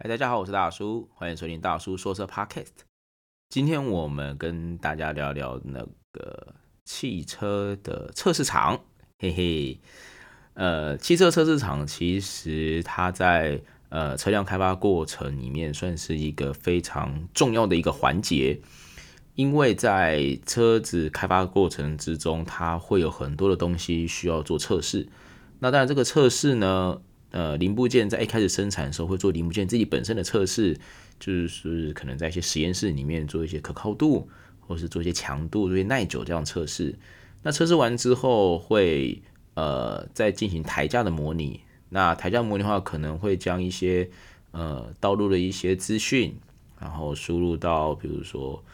哎，hey，大家好，我是大叔，歡迎收聽大叔說車 Podcast。今天我們跟大家聊聊那個汽車的測試場，嘿嘿。呃，汽車測試場其實它在，呃，車輛開發過程裡面算是一個非常重要的一個環節，因為在車子開發過程之中，它會有很多的東西需要做測試。那當然，這個測試呢。呃，零部件在一開始生產的時候，會做零部件自己本身的測試，就是可能在一些實驗室裡面做一些可靠度，或是做一些強度、做一些耐久這樣測試。那測試完之後會呃再進行台架的模擬。那台架模擬的話，可能會將一些呃道路的一些資訊，然後輸入到比如說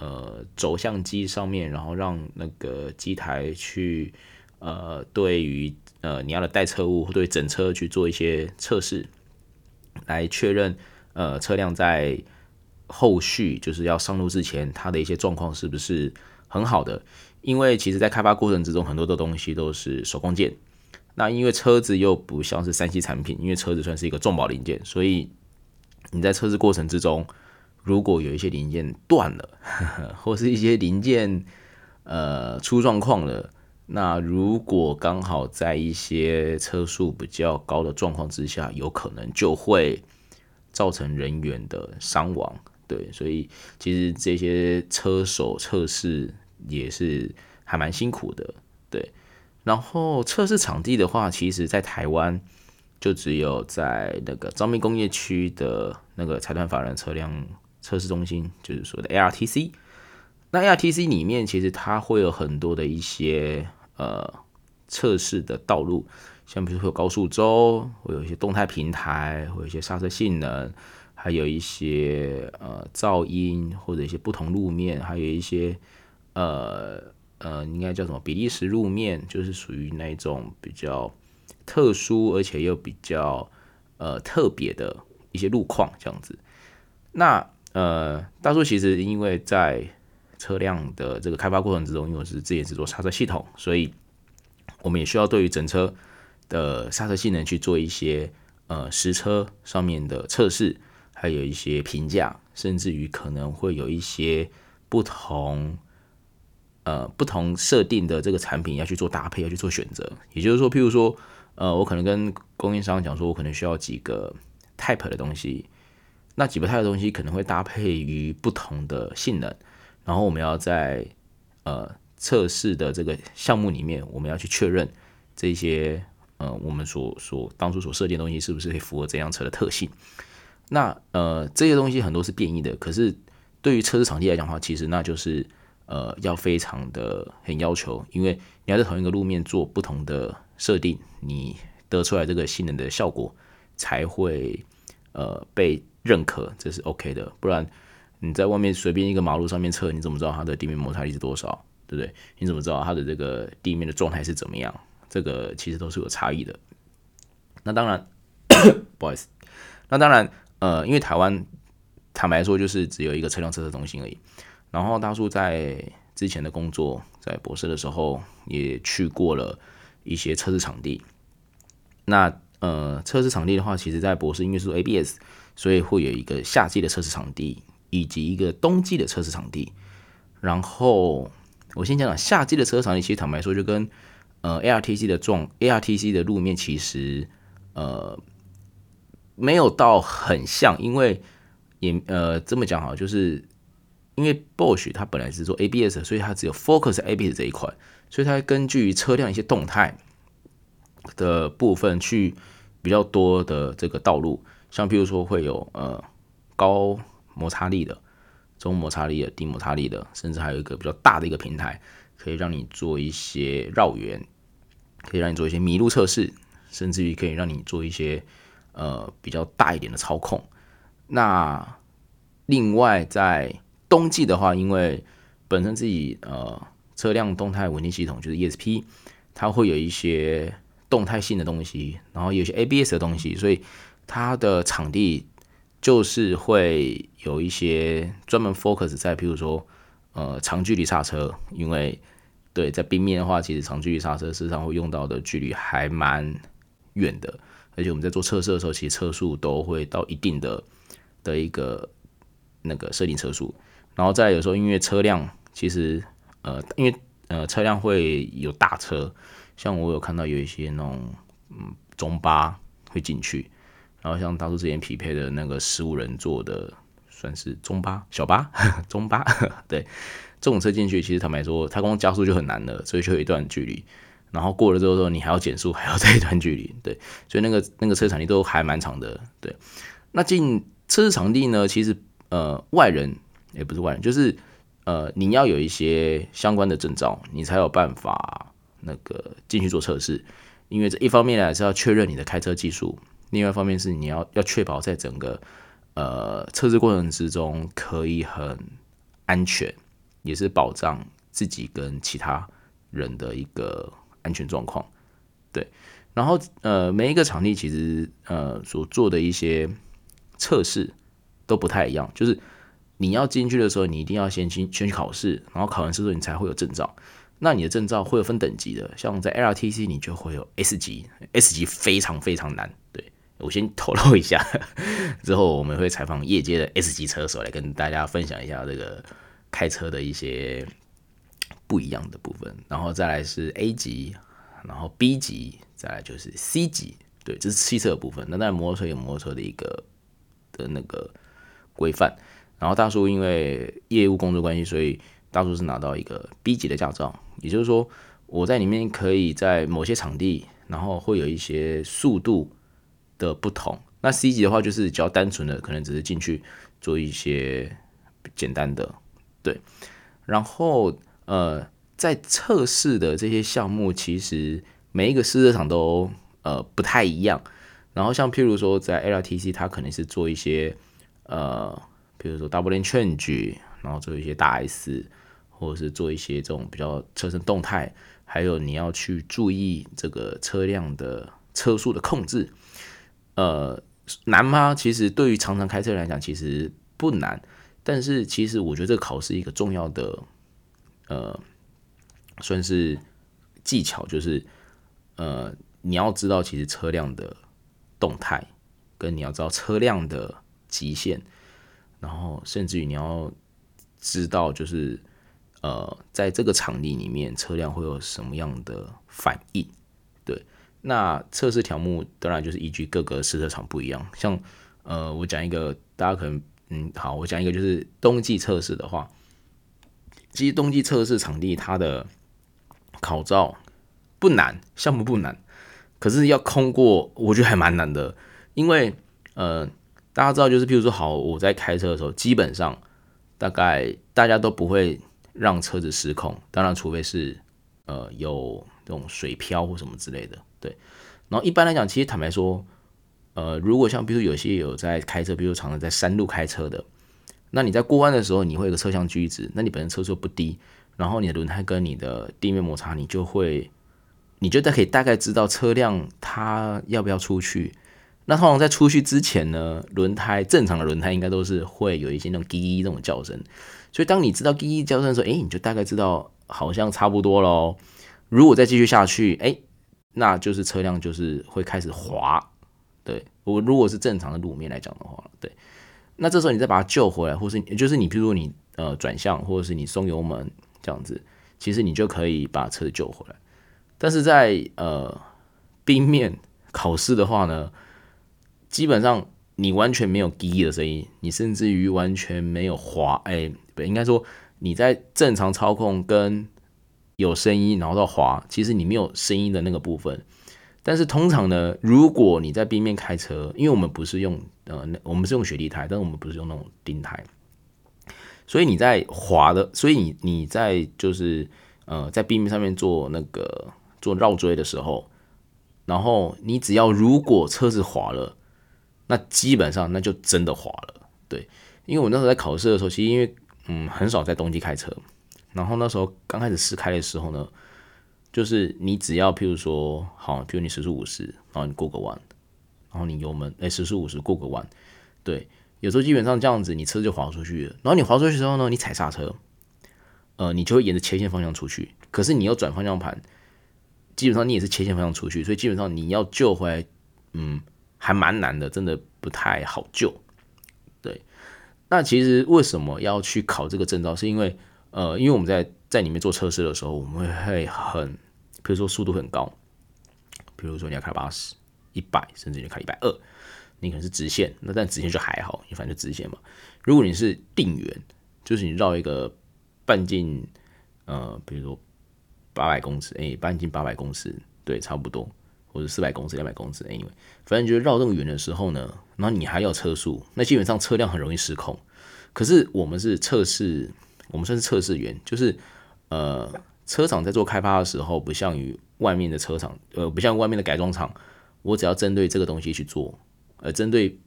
呃走向機上面，然後讓那個機台去呃對於。呃，你要的待測物或對整車去做一些測試，來確認呃車輛在後續就是要上路之前它的一些狀況是不是很好的。因為其實，在開發過程之中，很多的東西都是手工件。那因為車子又不像是三 C 產品，因為車子算是一個重保零件，所以你在測試過程之中，如果有一些零件斷了，呵呵，或是一些零件呃出狀況了。那如果剛好在一些車速比較高的狀況之下，有可能就會造成人員的傷亡。對，所以其實這些車手測試也是還蠻辛苦的。對，然後測試場地的話，其實，在台灣就只有在那個彰濱工業區的那個財團法人車輛測試中心，就是說的 ARTC。那 ARTC 裡面其實它會有很多的一些。呃，測試的道路，像比如說有高速周，會有一些動態平台，會有一些剎車性能，還有一些呃噪音，或者一些不同路面，還有一些呃呃，應該叫什麼？比利時路面，就是屬於那種比較特殊，而且又比較呃特別的一些路況這樣子。那呃，大叔其實因為在。車輛的這個開發過程之中，因為我是自己是做剎車系統，所以我們也需要對於整車的剎車性能去做一些呃實車上面的測試，還有一些評價，甚至於可能會有一些不同呃不同設定的這個產品要去做搭配，要去做選擇。也就是說，譬如說，呃，我可能跟供應商講說，我可能需要幾個 type 的東西，那幾個 type 的東西可能會搭配於不同的性能。然後我們要在呃測試的這個項目裡面，我們要去確認這些呃我們所所當初所設定的東西是不是可以符合這輛車的特性。那呃這些東西很多是變異的，可是對於測試場地來講的話，其實那就是呃要非常的很要求，因為你要在同一個路面做不同的設定，你得出來這個性能的效果才會呃被認可，這是 OK 的，不然。你在外面隨便一個馬路上面測，你怎麼知道它的地面摩擦力是多少？對不對？你怎麼知道它的這個地面的狀態是怎麼樣？這個其實都是有差異的。那當然， 不好意思，那當然，呃，因為台灣坦白說就是只有一個車輛測試中心而已。然後大叔在之前的工作，在博士的時候也去過了一些測試場地。那呃，測試場地的話，其實在博士因為是 ABS，所以會有一個夏季的測試場地。以及一個冬季的測試場地，然後，我先講講夏季的車場地。其實坦白說，就跟呃 ARTC 的狀 ARTC 的路面其實呃沒有到很像，因為也呃這麼講哈，就是因為 Bosch 它本來是做 ABS 的，所以它只有 Focus ABS 這一塊，所以它根據車輛一些動態的部分去比較多的這個道路，像比如說會有呃高。摩擦力的、中摩擦力的、低摩擦力的，甚至還有一個比較大的一個平台，可以讓你做一些繞圓，可以讓你做一些麋鹿測試，甚至於可以讓你做一些呃比較大一點的操控。那另外在冬季的話，因為本身自己呃車輛動態穩定系統就是 ESP，它會有一些動態性的東西，然後有些 ABS 的東西，所以它的場地。就是會有一些專門 focus 在，譬如說，呃，長距離剎車，因為對，在冰面的話，其實長距離剎車事實上會用到的距離還蠻遠的，而且我們在做測試的時候，其實車速都會到一定的的一個那個設定車速，然後再有時候因為車輛其實，呃，因為呃，車輛會有大車，像我有看到有一些那種嗯中巴會進去。然後像大叔之前匹配的那個十五人座的，算是中巴、小巴、 中巴八笑，對，這種車進去，其實坦白說，它光加速就很難了，所以就有一段距離，然後過了之後，你還要減速，還要再一段距離，對，所以那個那個車場地都還蠻長的，對。那進測試場地呢，其實呃，外人也不是外人，就是呃，你要有一些相關的證照，你才有辦法那個進去做測試，因為這一方面還是要確認你的開車技術。另外一方面是你要要確保在整個呃測試過程之中可以很安全，也是保障自己跟其他人的一個安全狀況，對。然後呃每一個場地其實呃所做的一些測試都不太一樣，就是你要進去的時候，你一定要先先去考試，然後考完試之後你才會有證照。那你的證照會有分等級的，像在 LTC 你就會有 S 級，S 級非常非常難，對。我先透露一下，之後我們會採訪業界的 S 級車手來跟大家分享一下這個開車的一些不一樣的部分，然後再來是 A 級，然後 B 級，B 級再來就是 C 級，對，這，就是汽車的部分。那當然摩托車有摩托車的一個的那個規範。然後大叔因為業務工作關係，所以大叔是拿到一個 B 級的駕照，也就是說我在裡面可以在某些場地，然後會有一些速度。的不同，那 C 級的話就是比較單純的，可能只是進去做一些簡單的。對，然後呃，在測試的這些項目，其實每一個試車場都呃不太一樣。然後像譬如說，在 LTC，它可能是做一些呃，譬如說 double lane change，然後做一些大 S，或者是做一些這種比較車身動態，還有你要去注意這個車輛的車速的控制。呃，難嗎？其實對於常常開車來講，其實不難。但是其實我覺得這個考試一個重要的呃，算是技巧，就是呃，你要知道其實車輛的動態，跟你要知道車輛的極限，然後甚至於你要知道就是呃，在這個場地裡面車輛會有什麼樣的反應，對。那測試條目當然就是依據各個試車場不一樣，像呃，我講一個大家可能嗯，好，我講一個就是冬季測試的話，其實冬季測試場地它的考照不難，項目不難，可是要通過，我覺得還蠻難的，因為呃，大家知道就是譬如說，好，我在開車的時候，基本上大概大家都不會讓車子失控，當然除非是呃有這種水漂或什麼之類的。對，然後一般來講，其實坦白說，呃，如果像比如有些有在開車，比如常常在山路開車的，那你在過彎的時候，你會有一個側向 G 值，那你本身車速不低，然後你的輪胎跟你的地面摩擦，你就會，你就大可以大概知道車輛它要不要出去。那通常在出去之前呢，輪胎正常的輪胎應該都是會有一些那種滴滴這種叫聲，所以當你知道滴滴叫聲的時候，哎，你就大概知道好像差不多嘍。如果再繼續下去，哎。那就是車輛就是會開始滑，對，我如果是正常的路面來講的話，對，那這時候你再把它救回來，或是就是你，譬如說你呃轉向，或者是你鬆油門這樣子，其實你就可以把車救回來。但是在呃冰面考試的話呢，基本上你完全沒有滴的聲音，你甚至於完全沒有滑，哎、欸，不，應該說你在正常操控跟。有聲音，然後到滑，其實你沒有聲音的那個部分。但是通常呢，如果你在冰面開車，因為我們不是用呃，我們是用雪地胎，但我們不是用那種釘胎，所以你在滑的，所以你你在就是呃在冰面上面做那個做繞錐的時候，然後你只要如果車子滑了，那基本上那就真的滑了，對。因為我那時候在考試的時候，其實因為嗯很少在冬季開車。然後那時候剛開始試開的時候呢，就是你只要譬如說，好，譬如你時速五十，然後你過個彎，然後你油門，哎，時速五十過個彎，對，有時候基本上這樣子，你車就滑出去了。然後你滑出去之後呢，你踩剎車，呃，你就會沿着切線方向出去。可是你要轉方向盤，基本上你也是切線方向出去，所以基本上你要救回來，嗯，還蠻難的，真的不太好救。對，那其實為什麼要去考這個證照，是因為。呃，因為我們在在裡面做測試的時候，我們會很，比如說速度很高，比如說你要開八十、一百，甚至你要開一百二，你可能是直線，那但直線就還好，你反正就直線嘛。如果你是定圓，就是你繞一個半徑，呃，比如說八百公尺，誒、欸，半徑八百公尺，對，差不多，或者四百公尺、兩百公尺，Anyway，反正就是繞這麼遠的時候呢，那你還要車速，那基本上車輛很容易失控。可是我們是測試。我們算是測試員，就是，呃，車廠在做開發的時候，不像於外面的車廠，呃，不像外面的改裝廠，我只要針對這個東西去做，呃，針對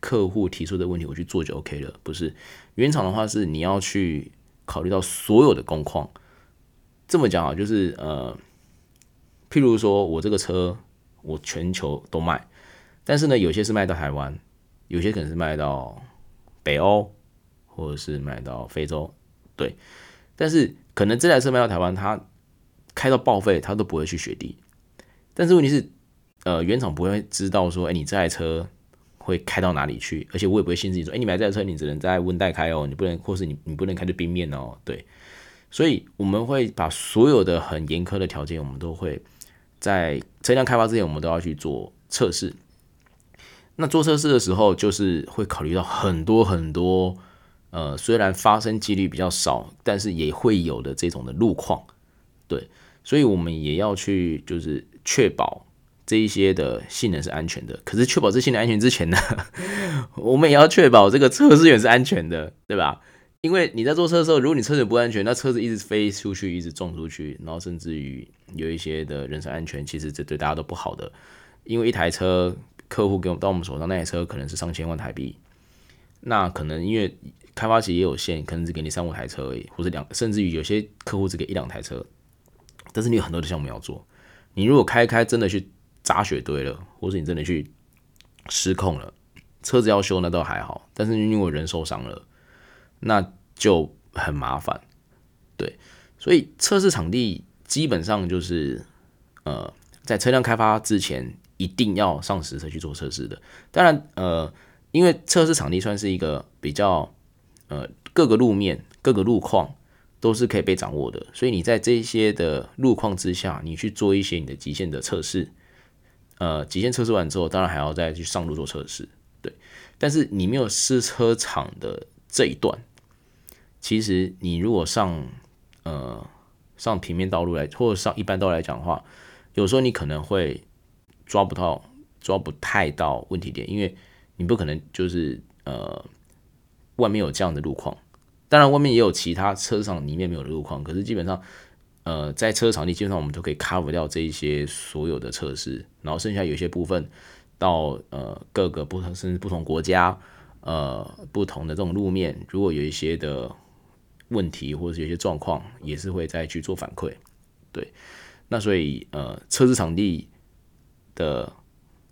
客戶提出的問題，我去做就 OK 了。不是，原廠的話是你要去考慮到所有的工況。這麼講啊，就是呃，譬如說我這個車我全球都賣，但是呢，有些是賣到台灣，有些可能是賣到北歐，或者是賣到非洲。對，但是可能這台車賣到台灣，它開到報廢，它都不會去雪地。但是問題是，呃，原廠不會知道說，哎，你這台車會開到哪裡去？而且我也不會限制你說，哎，你買這台車，你只能在溫帶開哦，你不能，或是你你不能開到冰面哦。對，所以我們會把所有的很嚴苛的條件，我們都會在車輛開發之前，我們都要去做測試。那做測試的時候，就是會考慮到很多很多。呃，雖然發生幾率比較少，但是也會有的這種的路況，對，所以我們也要去就是確保這一些的性能是安全的。可是確保這性能安全之前呢，我們也要確保這個車資源是安全的，對吧？因為你在坐車的時候，如果你車子不安全，那車子一直飛出去，一直撞出去，然後甚至於有一些的人身安全，其實這對大家都不好的。因為一台車，客戶給我們到我們手上那台車可能是上千萬台幣，那可能因為。開發期也有限，可能只給你三五台車而已，或者兩，甚至於有些客戶只給一兩台車。但是你有很多的項目要做，你如果開開真的去扎雪堆了，或者你真的去失控了，車子要修那倒還好，但是因為人受傷了，那就很麻煩。對，所以測試場地基本上就是呃，在車輛開發之前一定要上實車去做測試的。當然呃，因為測試場地算是一個比較。呃，各個路面、各個路況都是可以被掌握的，所以你在這些的路況之下，你去做一些你的極限的測試。呃，極限測試完之後，當然還要再去上路做測試，對。但是你沒有試車場的這一段，其實你如果上呃上平面道路來，或者上一般道路來講的話，有時候你可能會抓不到、抓不太到問題點，因為你不可能就是呃。外面有這樣的路況，當然外面也有其他測試場裡面沒有的路況，可是基本上，呃，在車場地基本上我們就可以 cover 掉這一些所有的測試，然後剩下有些部分到呃各個不同甚至不同國家，呃不同的這種路面，如果有一些的問題或者有些狀況，也是會再去做反饋。對，那所以呃測試場地的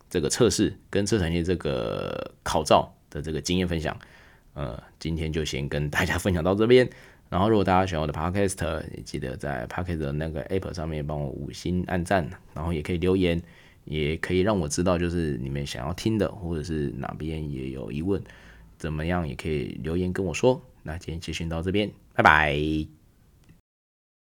這個測試跟測試場地這個考照的這個經驗分享。呃、嗯，今天就先跟大家分享到這邊。然後，如果大家喜歡我的 podcast，也記得在 podcast 的那個 app 上面幫我五星按讚，然後也可以留言，也可以讓我知道，就是你們想要聽的，或者是哪邊也有疑問，怎麼樣也可以留言跟我說。那今天繼續到這邊，拜拜。